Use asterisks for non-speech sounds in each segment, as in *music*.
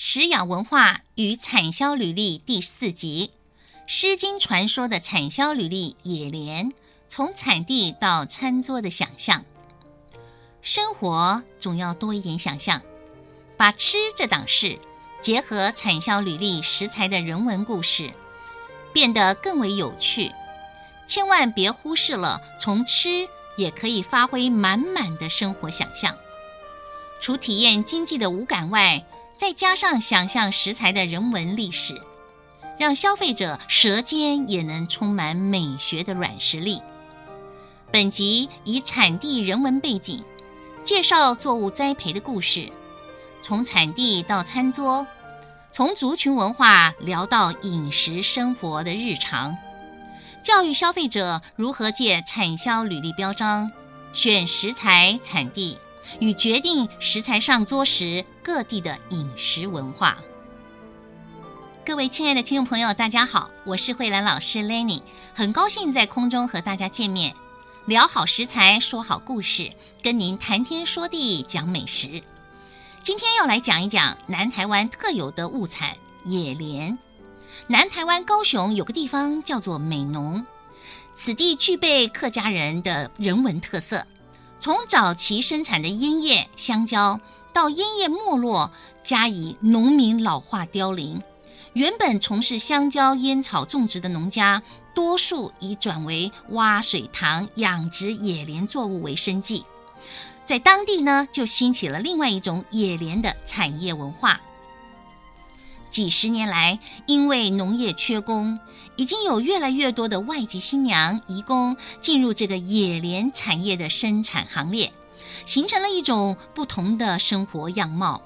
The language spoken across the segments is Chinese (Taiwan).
食養文化與產銷履歷第四集，《詩經》傳說的產銷履歷野蓮，從產地到餐桌的想象。生活總要多一點想象，把吃這檔事結合產銷履歷食材的人文故事，變得更為有趣。千萬別忽視了，從吃也可以發揮滿滿的生活想象。除體驗經濟的五感外。再加上想象食材的人文歷史，讓消費者舌尖也能充滿美學的軟實力。本集以產地人文背景介紹作物栽培的故事，從產地到餐桌，從族群文化聊到飲食生活的日常，教育消費者如何借產銷履歷標章選食材產地。與決定食材上桌時各地的飲食文化。各位親愛的聽眾朋友，大家好，我是慧蘭老師 Lenny，很高興在空中和大家見面。聊好食材，說好故事，跟您談天說地，講美食。今天要來講一講南台灣特有的物產——野蓮。南台灣高雄有個地方叫做美濃，此地具備客家人的人文特色。從早期生產的菸葉、香蕉到菸葉沒落，加以農民老化凋零，原本從事香蕉、菸草種植的農家，多數已轉為挖水塘、養殖野蓮作物為生計，在當地呢，就興起了另外一種野蓮的產業文化。幾十年來，因為農業缺工，已經有越來越多的外籍新娘、移工進入這個野蓮產業的生產行列，形成了一種不同的生活樣貌。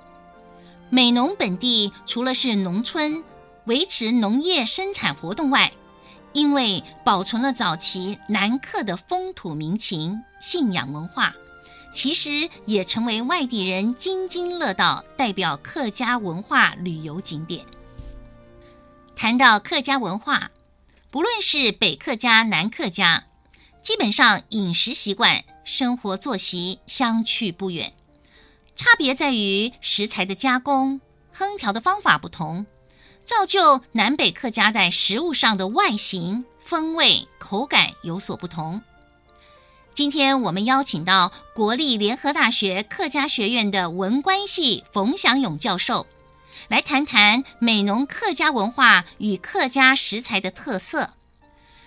美濃本地除了是農村維持農業生產活動外，因為保存了早期南客的風土民情、信仰文化。其實也成為外地人津津樂道、代表客家文化旅遊景點。談到客家文化，不論是北客家、南客家，基本上飲食習慣、生活作息相去不遠，差別在於食材的加工、烹調的方法不同，造就南北客家在食物上的外形、風味、口感有所不同。今天我們邀請到國立聯合大學客家學院的文官系馮祥勇教授，來談談美濃客家文化與客家食材的特色，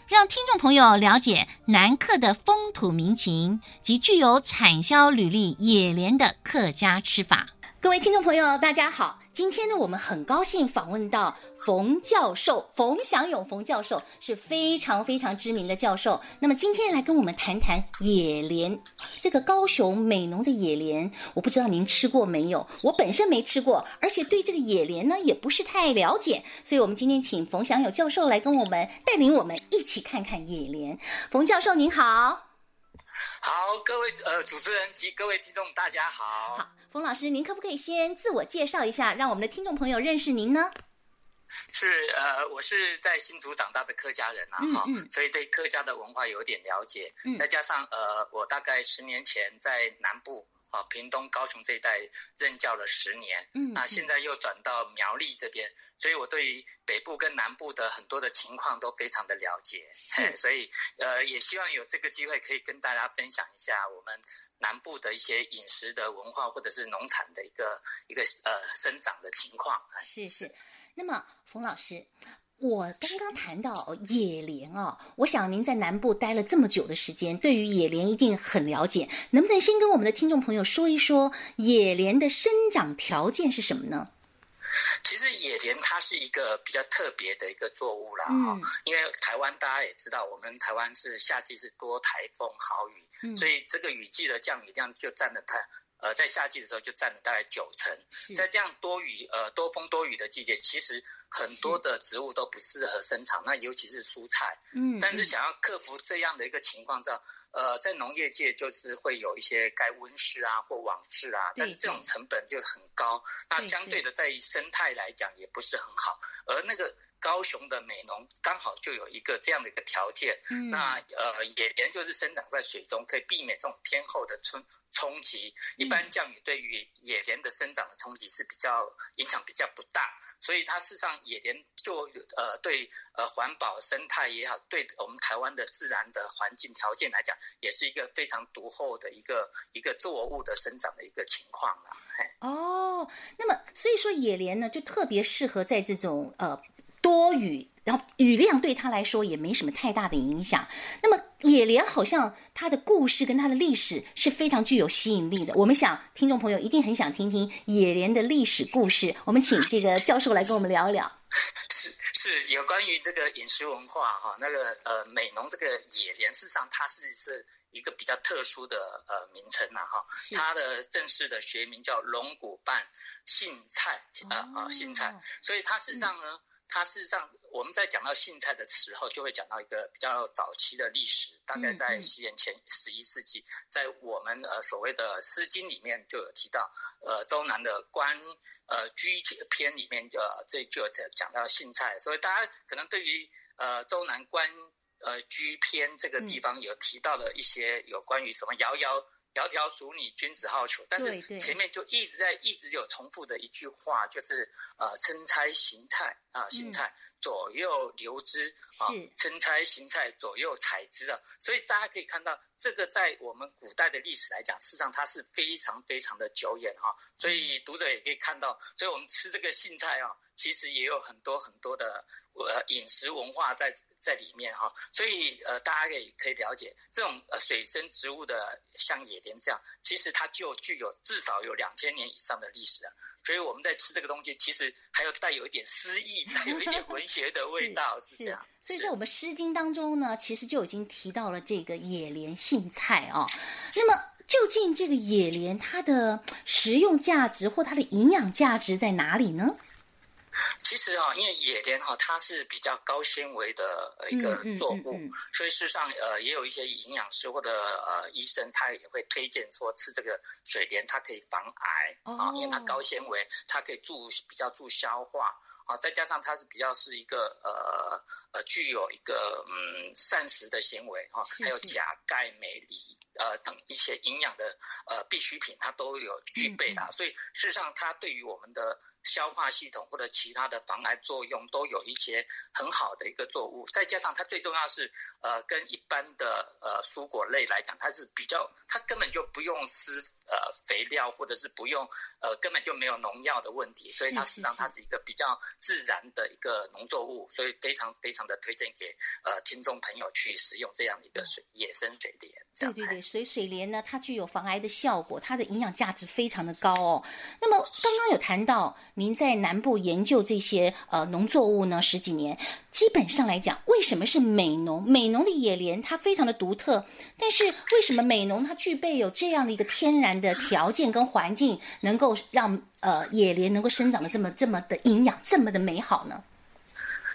讓聽眾朋友了解南客的風土民情及具有產銷履歷野蓮的客家吃法。各位聽眾朋友，大家好。今天呢，我們很高興訪問到馮教授，馮祥勇馮教授是非常非常知名的教授。那麼今天來跟我們談談野蓮，這個高雄美濃的野蓮，我不知道您吃過沒有？我本身沒吃過，而且對這個野蓮呢也不是太了解，所以我們今天請馮祥勇教授來跟我們帶領我們一起看看野蓮。馮教授您好。好，各位呃，主持人及各位聽眾，大家好。好，馮老師，您可不可以先自我介紹一下，讓我們的聽眾朋友認識您呢？是呃，我是在新竹長大的客家人吶、啊，哈、嗯嗯哦，所以對客家的文化有點了解。再加上呃，我大概十年前在南部。嗯嗯啊，屏東、高雄這一帶任教了十年，嗯，那、嗯啊、現在又轉到苗栗這邊，所以我對於北部跟南部的很多的情況都非常的了解，嘿所以呃也希望有這個機會可以跟大家分享一下我們南部的一些飲食的文化或者是農產的一個一個呃生長的情況。謝謝。那麼馮老師。我剛剛談到野蓮哦，我想您在南部待了這麼久的時間，對於野蓮一定很了解。能不能先跟我們的聽眾朋友說一說野蓮的生長條件是什麼呢？其實野蓮它是一個比較特別的一個作物啦、哦嗯，因為台灣大家也知道，我們台灣是夏季是多颱風、豪雨、嗯，所以這個雨季的降雨量就佔得太。呃，在夏季的時候就占了大概九成，在這樣多雨，呃多風多雨的季節，其實很多的植物都不適合生長，那尤其是蔬菜。嗯，但是想要克服這樣的一個情況，之後呃，在農業界就是會有一些蓋溫室啊，或網室啊，對對，但是這種成本就很高。對對，那相對的，在於生態來講也不是很好對對。而那個高雄的美農剛好就有一個這樣的一個條件。嗯、那呃，野蓮就是生長在水中，可以避免這種天候的衝衝擊，嗯。一般降雨對於野蓮的生長的衝擊是比較影響比較不大。所以它事實上野蓮就呃，對呃環保生態也好，對我們台灣的自然的環境條件來講，也是一個非常獨厚的一個一個作物的生長的一個情況了嘿。哦，那麼所以說野蓮呢，就特別適合在這種呃多雨。然後雨量對他來說也沒什麼太大的影響。那麼野蓮好像它的故事跟它的歷史是非常具有吸引力的。我們想聽眾朋友一定很想聽聽野蓮的歷史故事。我們請這個教授來跟我們聊一聊。是是,是有關於這個飲食文化哈、哦，那個呃美濃這個野蓮，事實上它是是一個比較特殊的呃名稱吶、啊、哈。它的正式的學名叫龍骨瓣荇菜啊啊、哦呃、荇菜、哦。所以它事實上呢，嗯、它事實上。我們在講到荇菜的時候，就會講到一個比較早期的歷史，大概在西元前十一世紀，嗯嗯在我們呃所謂的《詩經》裡面就有提到，呃，周南的關呃雎篇裡面的這就講到荇菜，所以大家可能對於呃周南關呃雎篇這個地方有提到的一些有關於什麼窈，窕。窈窕淑女，君子好逑。但是前面就一直在一直有重複的一句話，對對就是呃，參差荇菜啊，荇、呃、菜左右流之、嗯、啊，參差荇菜左右采之的、啊。所以大家可以看到，這個在我們古代的歷史來講，事實上它是非常非常的久遠哈、啊。所以讀者也可以看到，嗯、所以我們吃這個荇菜啊，其實也有很多很多的呃飲食文化在。在裡面哈，所以呃，大家可以可以了解這種呃水生植物的，像野蓮這樣，其實它就具有至少有兩千年以上的歷史了。所以我們在吃這個東西，其實還要帶有一點詩意，帶有一點文學的味道，是這樣 *laughs* 是是。所以在我們《詩經》當中呢，其實就已經提到了這個野蓮荇菜哦。那麼，究竟這個野蓮它的食用價值或它的營養價值在哪裡呢？其實哈、哦，因為野蓮哈、哦，它是比較高纖維的一個作物，嗯嗯嗯嗯，所以事實上呃，也有一些營養師或者呃醫生，他也會推薦說吃這個水蓮，它可以防癌啊、哦，因為它高纖維，它可以助比較助消化啊，再加上它是比較是一個呃呃具有一個嗯膳食的纖維啊，還有鉀鈣鎂磷。呃，等一些營養的呃必需品，它都有具備它、啊嗯嗯、所以事實上它對於我們的消化系統或者其他的防癌作用都有一些很好的一個作物。再加上它最重要是呃，跟一般的呃蔬果類來講，它是比較，它根本就不用施呃肥料或者是不用呃根本就沒有農藥的問題，所以它實際上它是一個比較自然的一個農作物，所以非常非常的推薦給呃聽眾朋友去使用這樣的一個水、嗯、野生水蓮這樣。水水蓮呢，它具有防癌的效果，它的營養價值非常的高哦。那麼剛剛有談到，您在南部研究這些呃農作物呢十幾年，基本上來講，為什麼是美濃？美濃的野蓮它非常的獨特，但是為什麼美濃它具備有這樣的一個天然的條件跟環境，能夠讓呃野蓮能夠生長的這麼這麼的營養，這麼的美好呢？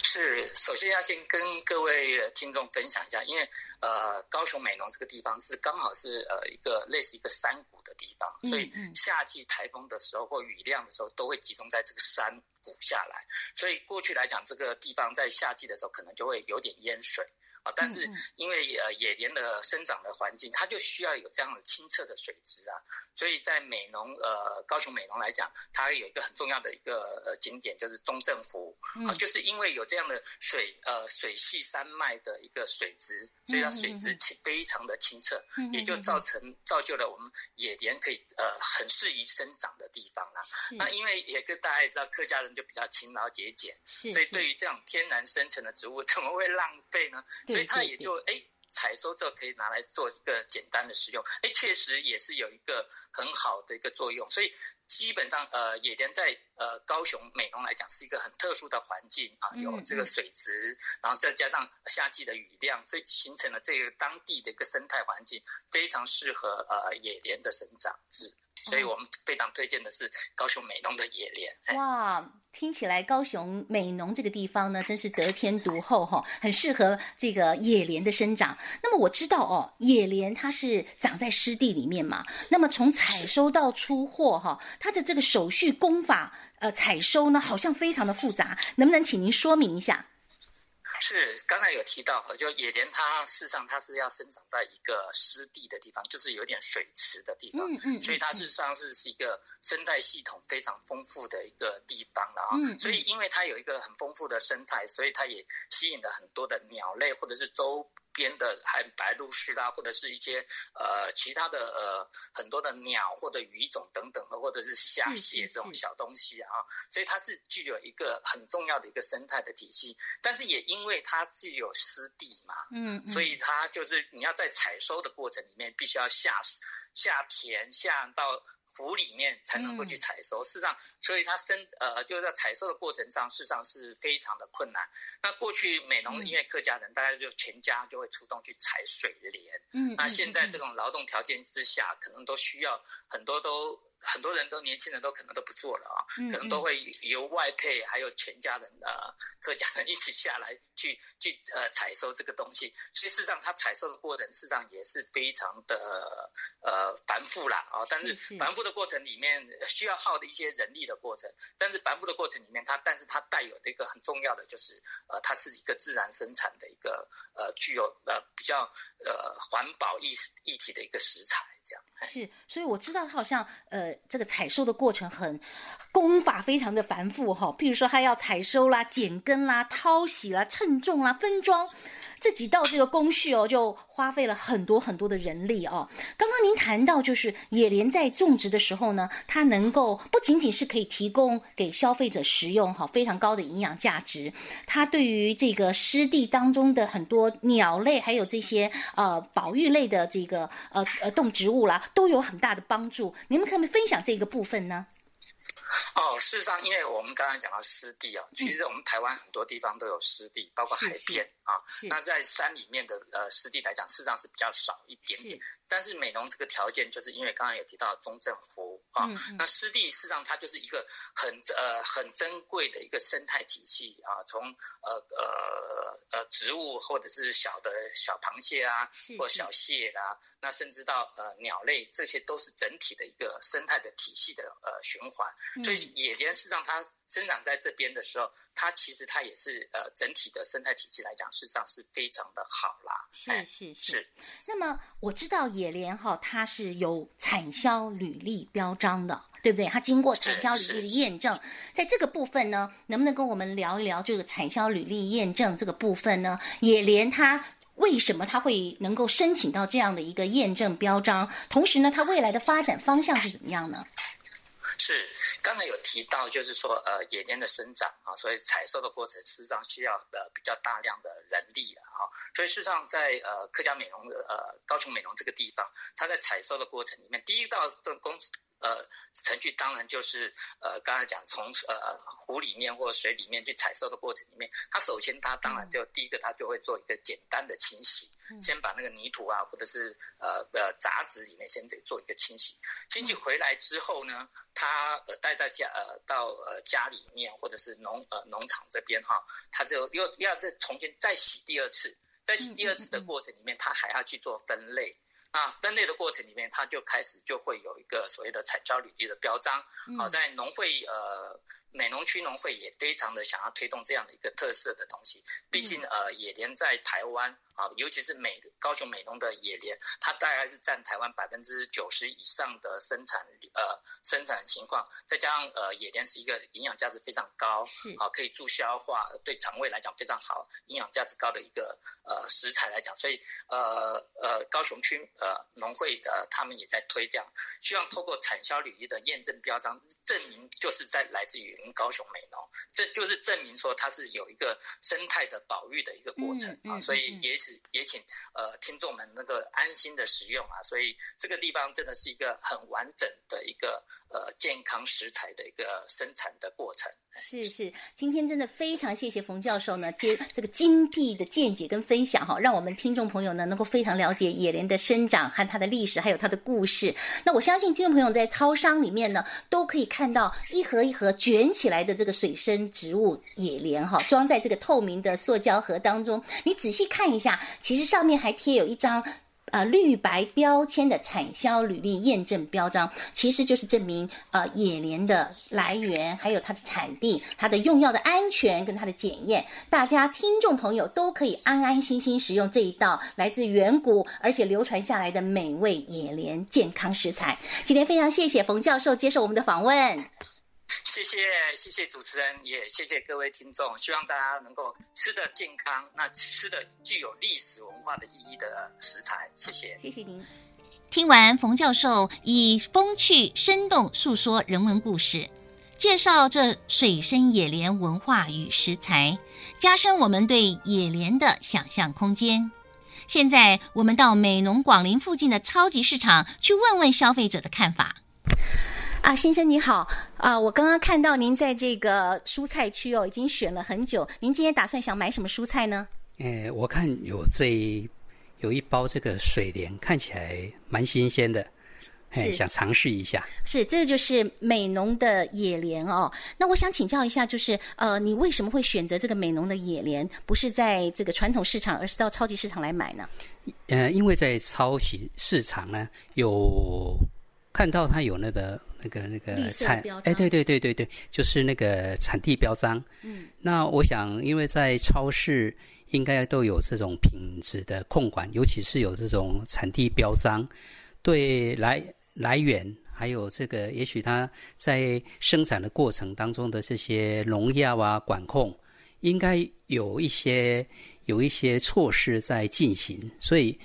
是，首先要先跟各位聽眾分享一下，因為呃，高雄美濃這個地方是剛好是呃一個類似一個山谷的地方，所以夏季台風的時候或雨量的時候都會集中在這個山谷下來，所以過去來講，這個地方在夏季的時候可能就會有點淹水。啊，但是因為呃野蓮的生長的環境，嗯嗯，它就需要有這樣的清澈的水質啊。所以在美濃呃高雄美濃來講，它有一個很重要的一個呃景點，就是中正湖啊，嗯、就是因為有這樣的水呃水系山脈的一個水質，所以它水質非常的清澈，嗯嗯嗯，也就造成造就了我們野蓮可以呃很適宜生長的地方啦、啊。那因為也跟大家也知道，客家人就比較勤勞節儉，是是，所以對於這樣天然生成的植物，怎麼會浪費呢？所以它也就哎，採、欸、收之後可以拿來做一個簡單的使用，哎、欸，確實也是有一個很好的一個作用。所以基本上呃，野蓮在呃高雄美濃來講是一個很特殊的環境啊、呃，有這個水質，嗯嗯然後再加上夏季的雨量，所以形成了這個當地的一個生態環境，非常適合呃野蓮的生長。是。所以我們非常推薦的是高雄美濃的野蓮。哦。哇，聽起來高雄美濃這個地方呢，真是得天獨厚哈，很適合這個野蓮的生長。那麼我知道哦，野蓮它是長在濕地裡面嘛。那麼從採收到出貨哈，它的這個手續工法，呃，採收呢好像非常的複雜，能不能請您說明一下？是，剛才有提到，就野蓮它事實上它是要生長在一個濕地的地方，就是有點水池的地方，嗯，嗯，所以它事實上是是一個生態系統非常豐富的一個地方了啊，嗯，所以因為它有一個很豐富的生態，所以它也吸引了很多的鳥類或者是周。邊的還有白鷺鷥啊，或者是一些呃其他的呃很多的鳥或者魚種等等的，或者是蝦蟹這種小東西啊，是是是，所以它是具有一個很重要的一個生態的體系。但是也因為它具有濕地嘛，嗯，嗯，所以它就是你要在採收的過程裡面必須要下下田下到。湖裡面才能夠去採收，嗯，事實上，所以它生呃，就是在採收的過程上，事實上是非常的困難。那過去美濃、嗯、因為客家人，大家就全家就會出動去採水蓮，嗯，那現在這種勞動條件之下，嗯、可能都需要很多都。很多人都年輕人都可能都不做了啊，哦，可能都會由外配，還有全家人啊，客家人一起下來去去呃採收這個東西。其實事實上，它採收的過程事實上也是非常的呃繁複啦啊，哦。但是繁複的過程裡面需要耗的一些人力的過程，但是繁複的過程裡面它，但是它帶有的一個很重要的，就是呃，它是一個自然生產的一個呃具有呃比較呃環保意識一體的一個食材。是，所以我知道他好像呃，這個採收的過程很，工法非常的繁複哈、哦。譬如說，他要採收啦、剪根啦、淘洗啦、稱重啦、分裝。這幾道這個工序哦，就花費了很多很多的人力哦。剛剛您談到，就是野蓮在種植的時候呢，它能夠不僅僅是可以提供給消費者食用，哈，非常高的營養價值。它對於這個濕地當中的很多鳥類，還有這些呃保育類的這個呃呃動植物啦，都有很大的幫助。你們可不可以分享這個部分呢？哦，事實上，因為我們剛剛講到濕地啊，其實我們台灣很多地方都有濕地，包括海邊啊。那在山裡面的呃濕地來講，事實上是比較少一點點。是但是，美濃這個條件，就是因為剛剛也提到中正湖啊。那濕地事實上它就是一個很呃很珍貴的一個生態體系啊。從呃呃呃植物，或者是小的小螃蟹啊，或小蟹啊，那甚至到呃鳥類，這些都是整體的一個生態的體系的呃循環。嗯、所以野蓮事實上，它生長在這邊的時候，它其實它也是呃整體的生態體系來講，事實上是非常的好啦。是是是，嗯、是。那麼我知道野蓮哈、哦，它是有產銷履歷標章的，對不對？它經過產銷履歷的驗證，在這個部分呢，能不能跟我們聊一聊，就是產銷履歷驗證這個部分呢？野蓮它為什麼它會能夠申請到這樣的一個驗證標章？同時呢，它未來的發展方向是怎麼樣呢？是，剛才有提到，就是說，呃，野蓮的生長啊，所以採收的過程事實上需要呃比較大量的人力啊，所以事實上在呃客家美濃的呃高雄美濃這個地方，它在採收的過程裡面，第一道的工呃程序，當然就是呃剛才講從呃湖裡面或水裡面去採收的過程裡面，它首先它當然就、嗯、第一個它就會做一個簡單的清洗。先把那個泥土啊，或者是呃呃雜質裡面先得做一個清洗，清洗回來之後呢，他呃帶大家呃到呃家裡面或者是農呃農場這邊哈，他就又要，要再重新再洗第二次，再洗第二次的過程裡面，他、嗯嗯嗯、還要去做分類，那、啊、分類的過程裡面，他就開始就會有一個所謂的產銷履歷的標章，好、哦、在農會呃。美農區農會也非常的想要推動這樣的一個特色的東西，畢、嗯、竟，呃野蓮在台灣啊，尤其是美高雄美農的野蓮，它大概是佔台灣百分之九十以上的生產呃生產情況，再加上呃野蓮是一個營養價值非常高，啊，可以助消化，對腸胃來講非常好，營養價值高的一個呃食材來講，所以呃呃高雄區呃農會的他們也在推這樣，希望透過產銷履歷的驗證標章證明就是在來自於。高雄美濃，這就是證明說它是有一個生態的保育的一個過程啊，嗯嗯嗯、所以也請也請呃聽眾們那個安心的食用啊，所以這個地方真的是一個很完整的一個呃健康食材的一個生產的過程。是是，今天真的非常謝謝馮教授呢，接這個精闢的見解跟分享哈，讓我們聽眾朋友呢能夠非常了解野蓮的生長和它的歷史，還有它的故事。那我相信聽眾朋友在超商裡面呢，都可以看到一盒一盒捲起來的這個水生植物野蓮哈，裝在這個透明的塑膠盒當中。你仔細看一下，其實上面還貼有一張。啊、呃，綠白標籤的產銷履歷驗證標章，其實就是證明啊、呃、野蓮的來源，還有它的產地、它的用藥的安全跟它的檢驗，大家聽眾朋友都可以安安心心食用這一道來自遠古而且流傳下來的美味野蓮健康食材。今天非常謝謝馮教授接受我們的訪問。謝謝謝謝主持人，也謝謝各位聽眾，希望大家能夠吃得健康，那吃得具有歷史文化的意義的食材。謝謝，謝謝您。聽完馮教授以風趣生動訴說人文故事，介紹這水生野蓮文化與食材，加深我們對野蓮的想象空間。現在我們到美濃廣林附近的超級市場去問問消費者的看法。啊，先生你好！啊，我剛剛看到您在這個蔬菜區哦，已經選了很久。您今天打算想買什麼蔬菜呢？誒、呃，我看有這一有一包這個水蓮，看起來蠻新鮮的，誒、欸，想嘗試一下是。是，這就是美濃的野蓮哦。那我想請教一下，就是呃，你為什麼會選擇這個美濃的野蓮，不是在這個傳統市場，而是到超級市場來買呢？呃，因為在超級市場呢有。看到它有那個那個那個產哎，對對對對對，就是那個產地標章。嗯，那我想，因為在超市應該都有這種品質的控管，尤其是有這種產地標章，對來來源，還有這個，也許它在生產的過程當中的這些農藥啊管控，應該有一些有一些措施在進行，所以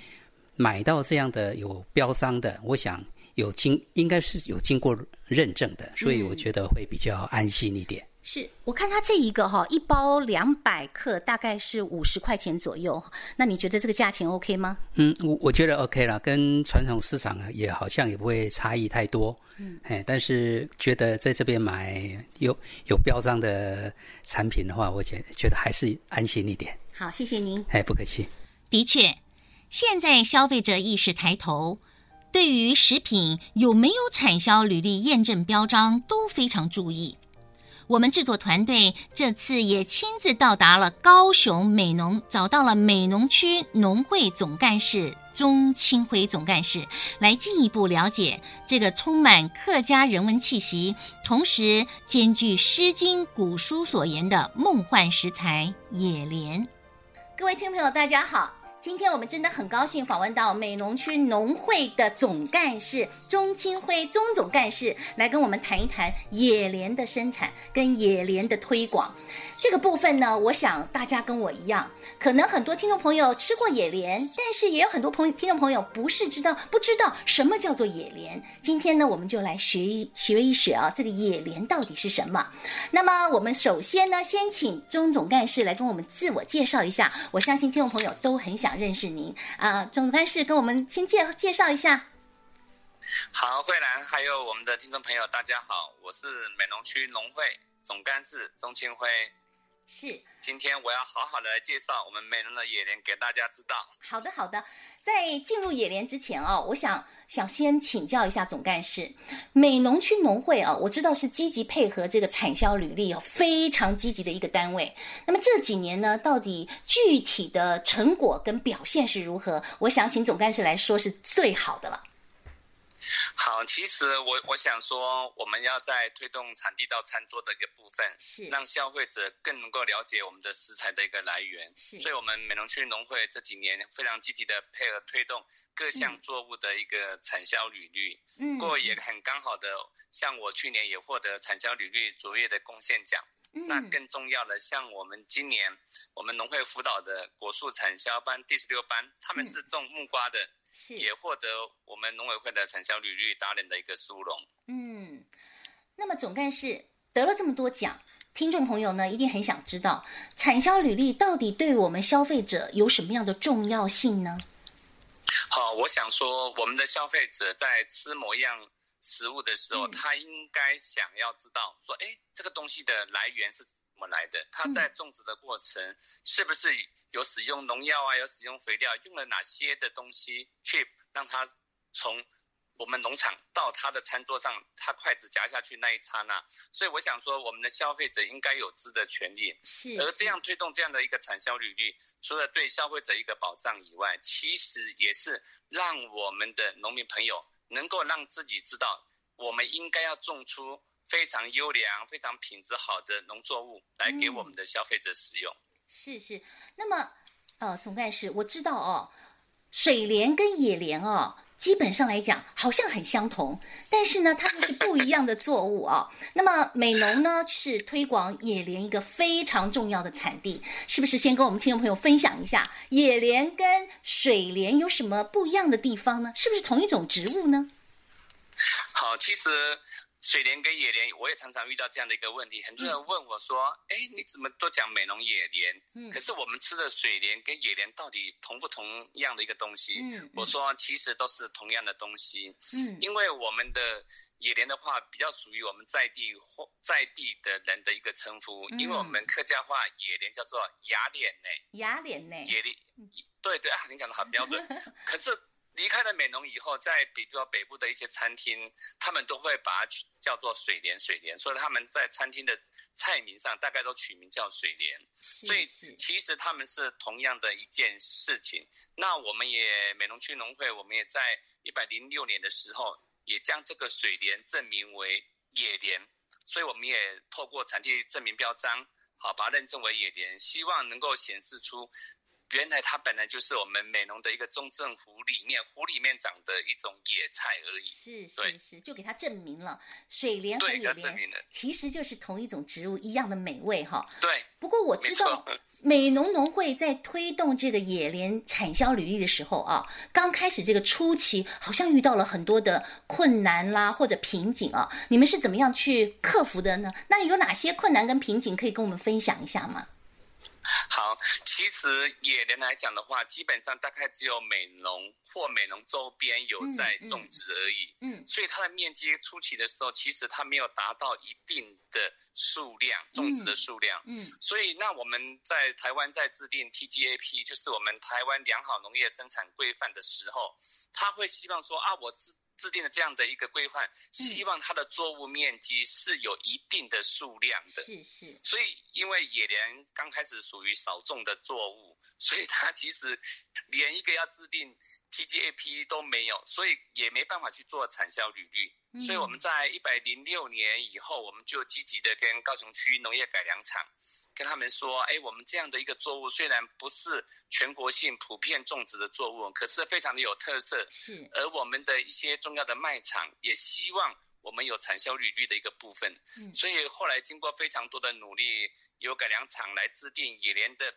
買到這樣的有標章的，我想。有經應該是有經過認證的，所以我覺得會比較安心一點，嗯。是我看它這一個哈，一包兩百克，大概是五十塊錢左右。那你覺得這個價錢 OK 嗎？嗯，我我覺得 OK 啦，跟傳統市場也好像也不會差異太多。嗯，哎，但是覺得在這邊買有有標章的產品的話，我覺覺得還是安心一點。好，謝謝您。哎，不客氣。的確，現在消費者意識抬頭。對於食品有沒有產銷履歷驗證標章都非常注意。我們製作團隊這次也親自到達了高雄美濃，找到了美濃區農會總幹事鍾清輝總幹事，來進一步了解這個充滿客家人文氣息，同時兼具《詩經》古書所言的夢幻食材野蓮。各位聽眾朋友，大家好。今天我們真的很高興訪問到美濃區農會的總幹事鍾清輝鍾總幹事，來跟我們談一談野蓮的生產跟野蓮的推廣。這個部分呢，我想大家跟我一樣，可能很多聽眾朋友吃過野蓮，但是也有很多朋聽眾朋友不是知道，不知道什麼叫做野蓮。今天呢，我們就來學一學一學，一學啊，這個野蓮到底是什麼？那麼我們首先呢，先請鍾總幹事來跟我們自我介紹一下，我相信聽眾朋友都很想。認識您啊、呃，總幹事，跟我們先介介紹一下。好，慧蘭，還有我們的聽眾朋友，大家好，我是美濃區農會總幹事鍾清輝。是，今天我要好好的來介紹我們美濃的野蓮給大家知道。好的，好的，在進入野蓮之前哦，我想想先請教一下總幹事，美濃區農會哦，我知道是積極配合這個產銷履歷哦，非常積極的一個單位。那麼這幾年呢，到底具體的成果跟表現是如何？我想請總幹事來說是最好的了。好，其實我我想說，我們要在推動產地到餐桌的一個部分，是讓消費者更能夠了解我們的食材的一個來源。是，所以我們美濃區農會這幾年非常積極的配合推動各項作物的一個產銷履歷。嗯，不過也很剛好的，像我去年也獲得產銷履歷卓越的貢獻獎。嗯，那更重要的，像我們今年我們農會輔導的果樹產銷班第十六班，他們是種木瓜的。嗯是，也獲得我們農委會的產銷履歷達人的一個殊榮。嗯，那麼總幹事得了這麼多獎，聽眾朋友呢一定很想知道，產銷履歷到底對我們消費者有什麼樣的重要性呢？好，我想說，我們的消費者在吃某樣食物的時候，嗯、他應該想要知道，說，誒、欸，這個東西的來源是怎麼來的？他在種植的過程是不是、嗯？嗯有使用農藥啊，有使用肥料，用了哪些的東西去讓他從我們農場到他的餐桌上，他筷子夾下去那一剎那，所以我想說，我們的消費者應該有知的權利。是。而這樣推動這樣的一個產銷履歷，除了對消費者一個保障以外，其實也是讓我們的農民朋友能夠讓自己知道，我們應該要種出非常優良、非常品質好的農作物來給我們的消費者使用。嗯。是是，那麼，呃，總幹事，我知道哦，水蓮跟野蓮哦，基本上來講好像很相同，但是呢，它們是不一樣的作物哦。 *laughs* 那麼，美濃呢是推廣野蓮一個非常重要的產地，是不是？先跟我們聽眾朋友分享一下，野蓮跟水蓮有什麼不一樣的地方呢？是不是同一種植物呢？好，其實。水蓮跟野蓮，我也常常遇到這樣的一個問題。很多人問我說：“哎、嗯，你怎麼都講美濃野蓮、嗯？可是我們吃的水蓮跟野蓮到底同不同樣的一個東西？”嗯、我說：“其實都是同樣的東西。嗯”因為我們的野蓮的話，比較屬於我們在地或在地的人的一個稱呼，嗯、因為我們客家話野蓮叫做雅蓮呢。雅蓮呢？野蓮。對對啊，你講的好標準。 *laughs* 可是。離開了美濃以後，在比如說北部的一些餐廳，他們都會把它叫做水蓮水蓮，所以他們在餐廳的菜名上大概都取名叫水蓮，所以其實他們是同樣的一件事情。那我們也美濃區農會，我們也在一百零六年的時候，也將這個水蓮證明為野蓮，所以我們也透過產地證明標章，好把它認證為野蓮，希望能夠顯示出。原來它本來就是我們美濃的一個中正湖裡面湖裡面長的一種野菜而已。是，是，是，就給它證明了水蓮，對，給它證明了。其實就是同一種植物，一樣的美味哈。對。不過我知道美濃農會在推動這個野蓮產銷履歷的時候啊，剛開始這個初期好像遇到了很多的困難啦，或者瓶頸啊，你們是怎麼樣去克服的呢？那有哪些困難跟瓶頸可以跟我們分享一下嗎？好，其實野蓮來講的話，基本上大概只有美濃或美濃周邊有在種植而已嗯。嗯，所以它的面積初期的時候，其實它沒有達到一定的數量，種植的數量。嗯，嗯所以那我們在台灣在制定 TGAP，就是我們台灣良好農業生產規範的時候，他會希望說啊，我自。制定了這樣的一個規範，希望它的作物面積是有一定的數量的。是是。所以，因為野蓮剛開始屬於少種的作物，所以它其實連一個要制定 TGAP 都沒有，所以也沒辦法去做產銷履歷。所以我們在一百零六年以後，我們就積極的跟高雄區農業改良場。跟他們說，哎，我們這樣的一個作物雖然不是全國性普遍種植的作物，可是非常的有特色。是。而我們的一些重要的賣場也希望我們有產銷履歷的一個部分。嗯。所以後來經過非常多的努力，有改良場來制定野蓮的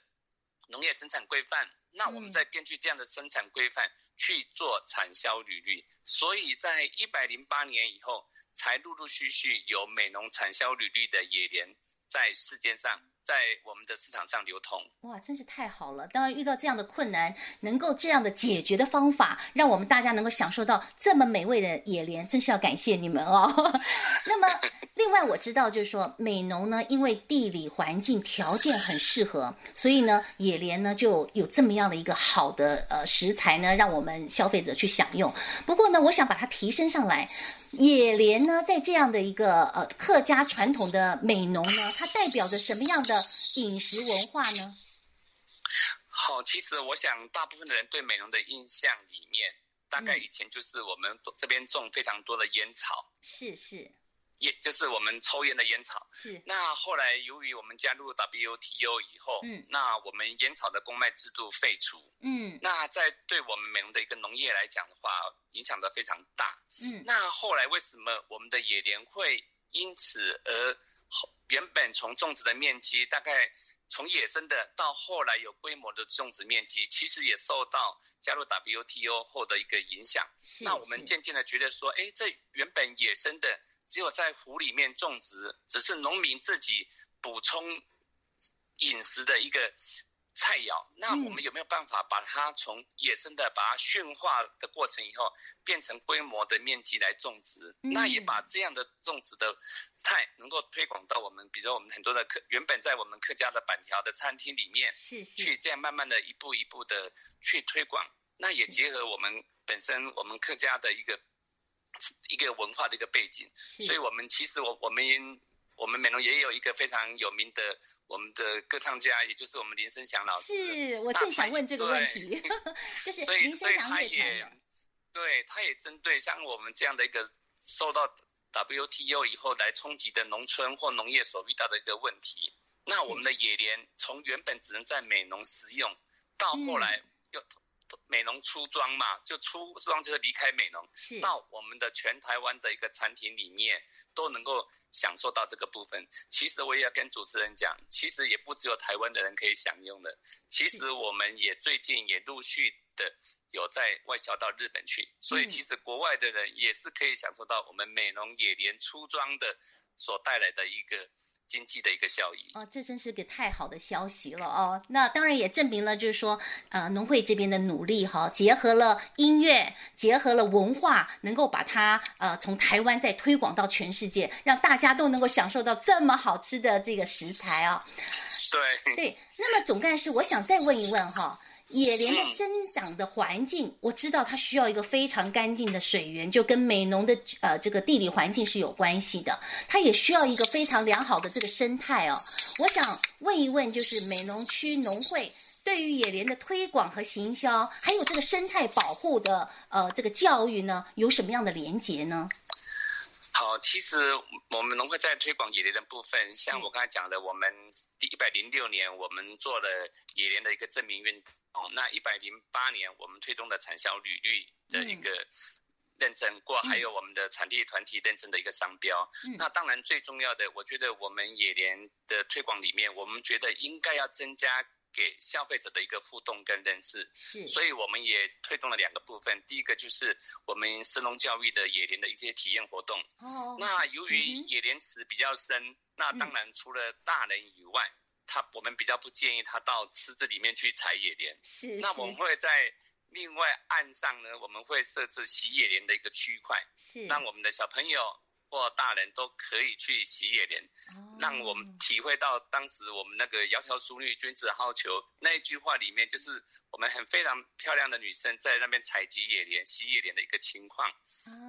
農業生產規範。那我們再根據這樣的生產規範去做產銷履歷。所以在一百零八年以後，才陸陸續續續有美濃產銷履歷的野蓮在世界上，在我們的市場上流通。哇，真是太好了！當然遇到這樣的困難，能夠這樣的解決的方法，讓我們大家能夠享受到這麼美味的野蓮，真是要感謝你們哦。 *laughs* 那麼，另外我知道就是說，美濃呢，因為地理環境條件很適合，所以呢，野蓮呢就有這麼樣的一個好的呃食材呢，讓我們消費者去享用。不過呢，我想把它提升上來，野蓮呢，在這樣的一個呃客家傳統的美濃呢，它代表着什麼樣的？飲食文化呢？好、哦，其實我想，大部分的人對美濃的印象裡面，大概以前就是我們這邊種非常多的菸草，是、嗯、是，也就是我們抽菸的菸草，是。那後來由於我們加入 WTO 以後，嗯，那我們菸草的公賣制度廢除，嗯，那在對我們美濃的一個農業來講的話，影響的非常大，嗯。那後來為什麼我們的野蓮會？因此而，原本從種植的面積，大概從野生的到後來有規模的種植面積，其實也受到加入 WTO 後的一個影響。是是那我們漸漸的覺得說，哎、欸，這原本野生的，只有在湖裡面種植，只是農民自己補充飲食的一個。菜餚，那我們有沒有辦法把它從野生的，把它馴化的過程以後，變成規模的面積來種植？那也把這樣的種植的菜能夠推廣到我們，比如說，我們很多的客，原本在我們客家的板條的餐廳裡面，是是去這樣慢慢的一步一步的去推廣，那也結合我們本身我們客家的一個是是一個文化的一個背景，所以我們其實我我們。我們美農也有一個非常有名的，我們的歌唱家，也就是我們林生祥老師。是我正想問這個問題， *laughs* 就是 *laughs* 所以，所以他也對，他也針對像我們這樣的一個受到 WTO 以後來衝擊的農村或農業所遇到的一個問題。那我們的野蓮，從原本只能在美農食用，到後來又美農出莊嘛、嗯，就出莊就是離開美農，到我們的全台灣的一個餐廳裡面。都能夠享受到這個部分。其實我也要跟主持人講，其實也不只有台灣的人可以享用的。其實我們也最近也陸續的有在外銷到日本去，所以其實國外的人也是可以享受到我們美濃野蓮出裝的所帶來的一個。經濟的一個效益哦，這真是個太好的消息了哦！那當然也證明了，就是說，呃，農會這邊的努力哈、哦，結合了音樂，結合了文化，能夠把它呃從台灣再推廣到全世界，讓大家都能夠享受到這麼好吃的這個食材哦。對對，那麼總幹事，我想再問一問哈、哦。野蓮的生長的環境，我知道它需要一個非常乾淨的水源，就跟美濃的呃這個地理環境是有關係的。它也需要一個非常良好的這個生態哦。我想問一問，就是美濃區農會對於野蓮的推廣和行銷，還有這個生態保護的呃這個教育呢，有什麼樣的連結呢？好，其實我們農會在推廣野蓮的部分，像我剛才講的，我們第一百零六年我們做了野蓮的一個證明運。哦、oh，那一百零八年我們推動的產銷履歷的一個認證過，嗯、還有我們的產地團體認證的一個商標，嗯。那當然最重要的，我覺得我們野蓮的推廣裡面，我們覺得應該要增加給消費者的一個互動跟認識。是，所以我們也推動了兩個部分，第一個就是我們食農教育的野蓮的一些體驗活動。哦，那由於野蓮池比較深，嗯，那當然除了大人以外。嗯他我們比較不建議他到池子裡面去採野蓮，是，是。那我們會在另外岸上呢，我們會設置洗野蓮的一個區塊，是，是。讓我們的小朋友。或大人都可以去洗野蓮，讓我們體會到當時我們那個“窈窕淑女，君子好逑”那一句話裡面，就是我們很非常漂亮的女生在那邊採集野蓮、洗野蓮的一個情況。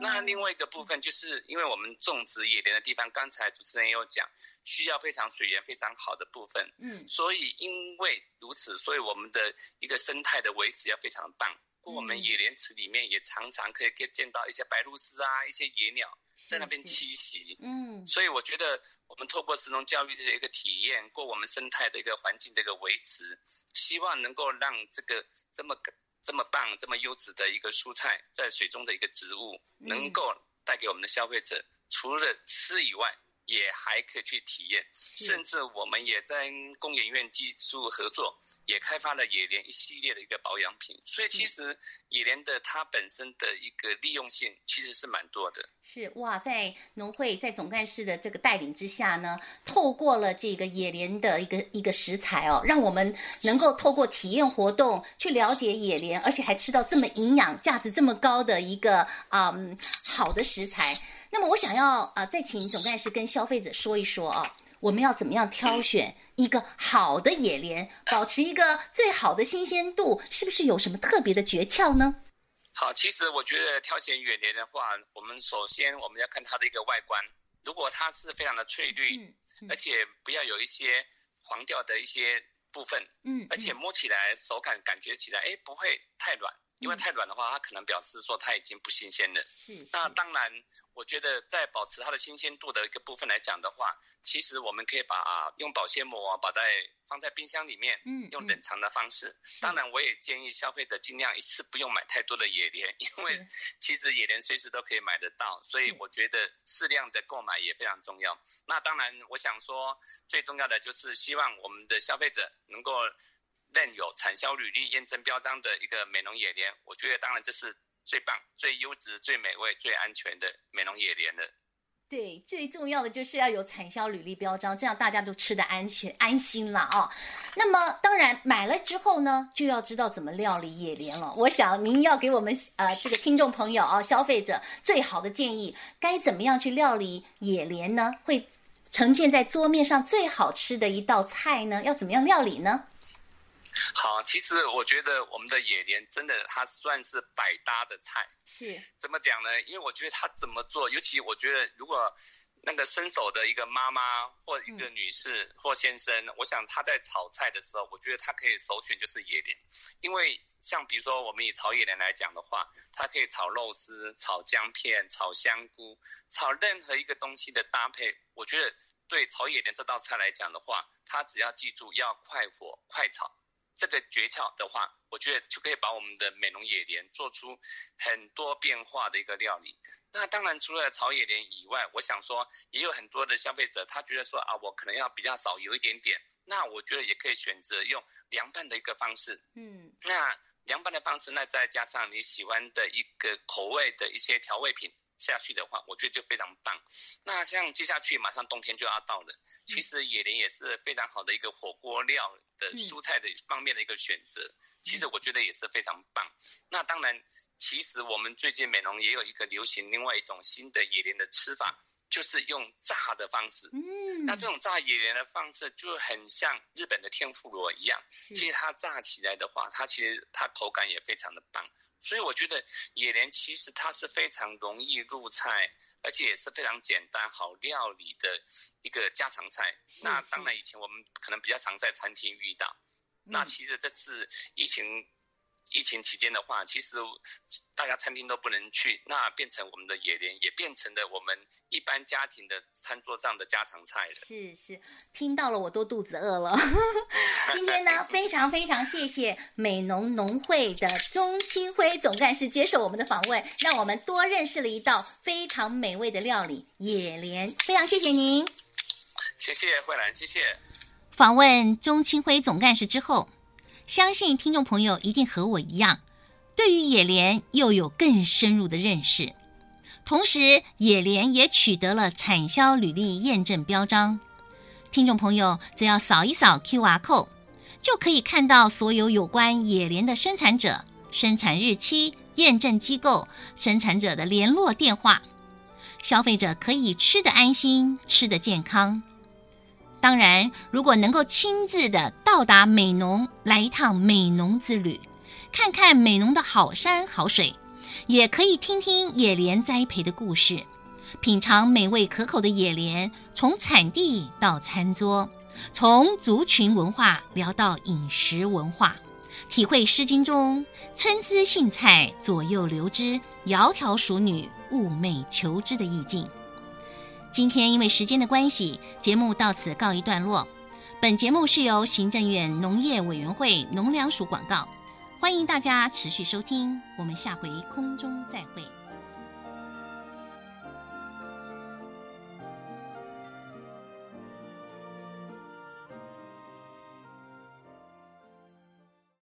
那另外一個部分，就是因為我們種植野蓮的地方，剛才主持人也有講，需要非常水源、非常好的部分。嗯，所以因為如此，所以我們的一個生態的維持要非常的棒。過我們野蓮池裡面也常常可以可以見到一些白鷺鷥啊，一些野鳥在那邊棲息。嗯，所以我覺得我們透過食農教育這些一個體驗，過我們生態的一個環境的一個維持，希望能夠讓這個這麼這麼棒，這麼優質的一個蔬菜，在水中的一個植物，能夠帶給我們的消費者，除了吃以外。也還可以去體驗，甚至我們也在工研院技術合作，也開發了野蓮一系列的一個保養品。所以其實野蓮的它本身的一個利用性其實是蠻多的。是，哇，在農會在總幹事的這個帶領之下呢，透過了這個野蓮的一個一個食材哦，讓我們能夠透過體驗活動去了解野蓮，而且還吃到這麼營養價值這麼高的一個嗯好的食材。那麼我想要啊，再請總幹事跟消費者說一說啊，我們要怎麼樣挑選一個好的野蓮，保持一個最好的新鮮度，是不是有什麼特別的訣竅呢？好，其實我覺得挑選野蓮的話，我們首先我們要看它的一個外觀，如果它是非常的翠綠，嗯嗯、而且不要有一些黃掉的一些部分，嗯，嗯，而且摸起來手感感覺起來，哎，不會太軟，因為太軟的話，它可能表示說它已經不新鮮了。是，是那當然。我覺得在保持它的新鮮度的一個部分來講的話，其實我們可以把用保鮮膜把在放在冰箱裡面，用冷藏的方式。當然，我也建議消費者儘量一次不用買太多的野蓮，因為其實野蓮隨時都可以買得到，所以我覺得適量的購買也非常重要。那當然，我想說最重要的就是希望我們的消費者能夠認有產銷履歷驗證標章的一個美濃野蓮。我覺得，當然這是。最棒、最優質、最美味、最安全的美濃野蓮的，對，最重要的就是要有產銷履歷標章，這樣大家都吃得安全安心了啊、哦。那麼，當然買了之後呢，就要知道怎麼料理野蓮了。我想您要給我們呃這個聽眾朋友啊、哦，消費者最好的建議，該怎麼樣去料理野蓮呢？會呈現在桌面上最好吃的一道菜呢？要怎麼樣料理呢？好，其實我覺得我們的野蓮真的它算是百搭的菜。是，怎麼講呢？因為我覺得它怎麼做，尤其我覺得如果那個新手的一個媽媽或一個女士或先生，嗯，我想他在炒菜的時候，我覺得他可以首選就是野蓮，因為像比如說我們以炒野蓮來講的話，它可以炒肉絲、炒薑片、炒香菇、炒任何一個東西的搭配，我覺得對炒野蓮這道菜來講的話，他只要記住要快火快炒。這個訣竅的話，我覺得就可以把我們的美濃野蓮做出很多變化的一個料理。那當然，除了炒野蓮以外，我想說也有很多的消費者，他覺得說啊，我可能要比較少油一點點。那我覺得也可以選擇用涼拌的一個方式，嗯，那涼拌的方式，那再加上你喜歡的一個口味的一些調味品下去的話，我覺得就非常棒。那像接下去馬上冬天就要到了，嗯、其實野蓮也是非常好的一個火鍋料的、嗯、蔬菜的方面的一個選擇、嗯。其實我覺得也是非常棒。那當然，其實我們最近美濃也有一個流行，另外一種新的野蓮的吃法，就是用炸的方式。嗯，那這種炸野蓮的方式就很像日本的天婦羅一樣。嗯、其實它炸起來的話，它其實它口感也非常的棒。所以我覺得野蓮其實它是非常容易入菜，而且也是非常簡單好料理的一個家常菜。那當然以前我們可能比較常在餐廳遇到，那其實這次疫情。疫情期間的話，其實大家餐廳都不能去，那變成我們的野蓮，也變成了我們一般家庭的餐桌上的家常菜了。是是，聽到了我都肚子餓了。 *laughs* 今天呢， *laughs* 非常非常謝謝美濃農會的鍾清輝總幹事接受我們的訪問，讓我們多認識了一道非常美味的料理——野蓮。非常謝謝您，謝謝慧蘭，謝謝。訪問鍾清輝總幹事之後。相信聽眾朋友一定和我一樣，對於野蓮又有更深入的認識。同時，野蓮也取得了產銷履歷驗證標章。聽眾朋友只要掃一掃 QR code，就可以看到所有有關野蓮的生產者、生產日期、驗證機構、生產者的聯絡電話。消費者可以吃得安心，吃得健康。當然，如果能夠親自的到達美濃，來一趟美濃之旅，看看美濃的好山好水，也可以聽聽野蓮栽培的故事，品嘗美味可口的野蓮，從產地到餐桌，從族群文化聊到飲食文化，體會《詩經》中“參差荇菜，左右流之。窈窕淑女，寤寐求之”的意境。今天因為時間的關係，節目到此告一段落。本節目是由行政院農業委員會農糧署廣告，歡迎大家持續收聽。我們下回空中再會。